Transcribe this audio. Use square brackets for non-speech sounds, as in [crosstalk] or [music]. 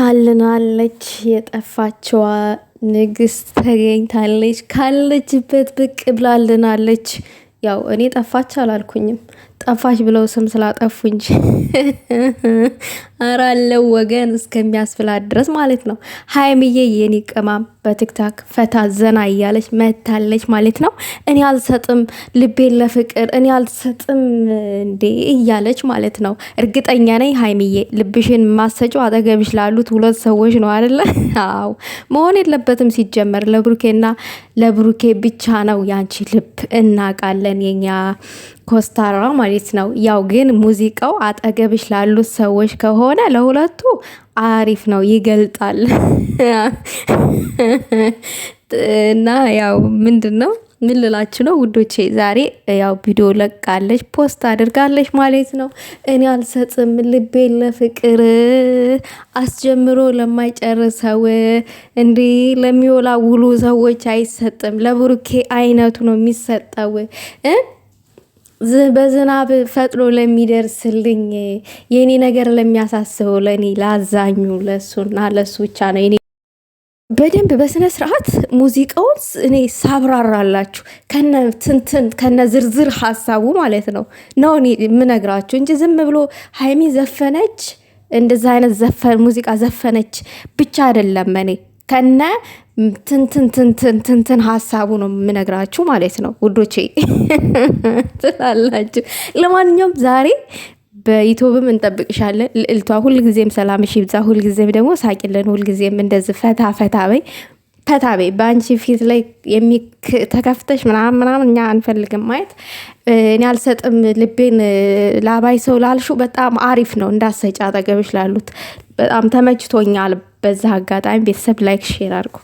ታልናለች የጠፋችዋ ንግስት ተገኝታለች። ካለችበት ብቅ ብላልናለች። ያው እኔ ጠፋች አላልኩኝም፣ ጠፋሽ ብለው ስም ስላጠፉ እንጂ [laughs] አራለው ወገን እስከሚያስብላት ድረስ ማለት ነው። ሀይምዬ የኔ ቅማም በቲክታክ ፈታ ዘና እያለች መታለች ማለት ነው። እኔ አልሰጥም ልቤን ለፍቅር እኔ አልሰጥም እንዴ እያለች ማለት ነው። እርግጠኛ ነኝ ሀይምዬ ልብሽን ማሰጩ አጠገብሽ ላሉት ሁለት ሰዎች ነው አይደለ? [laughs] አዎ መሆን የለበትም ሲጀመር ለብሩኬና ለብሩኬ ብቻ ነው ያንቺ ልብ እናውቃለን የኛ ኮስታራ ማለት ነው። ያው ግን ሙዚቃው አጠገብሽ ላሉት ሰዎች ከሆነ ለሁለቱ አሪፍ ነው፣ ይገልጣል እና ያው ምንድን ነው ምን ልላችሁ ነው ውዶቼ፣ ዛሬ ያው ቪዲዮ ለቃለች ፖስት አድርጋለች ማለት ነው። እኔ አልሰጥም ልቤን ለፍቅር አስጀምሮ ለማይጨርሰው እንዲ ለሚወላውሉ ሰዎች አይሰጥም። ለብሩኬ አይነቱ ነው የሚሰጠው። በዝናብ ፈጥኖ ለሚደርስልኝ የኔ ነገር ለሚያሳስበው ለእኔ ለአዛኙ ለእሱና ለእሱ ብቻ ነው። እኔ በደንብ በስነ ስርዓት ሙዚቃውን እኔ ሳብራራላችሁ ከነ ትንትን ከነ ዝርዝር ሀሳቡ ማለት ነው ነው እኔ የምነግራችሁ እንጂ ዝም ብሎ ሀይሚ ዘፈነች እንደዛ አይነት ሙዚቃ ዘፈነች ብቻ አይደለም እኔ ከነ ትንትንትንትንትንትን ሀሳቡ ነው የምነግራችሁ ማለት ነው ውዶቼ [laughs] ትላላችሁ። ለማንኛውም ዛሬ በዩቱብም እንጠብቅሻለን ልዕልቷ። ሁልጊዜም ሰላምሽ ይብዛ፣ ሁልጊዜም ደግሞ ሳቂለን። ሁልጊዜም እንደዚህ ፈታ ፈታ በይ ፈታ በይ። በአንቺ ፊት ላይ የሚተከፍተሽ ምናምን ምናምን እኛ አንፈልግም ማየት። እኔ አልሰጥም ልቤን ላባይ ሰው ላልሹ በጣም አሪፍ ነው እንዳሰጭ አጠገብሽ ላሉት በጣም ተመችቶኛል። በዛ አጋጣሚ ቤተሰብ ላይክ ሼር አድርጉ።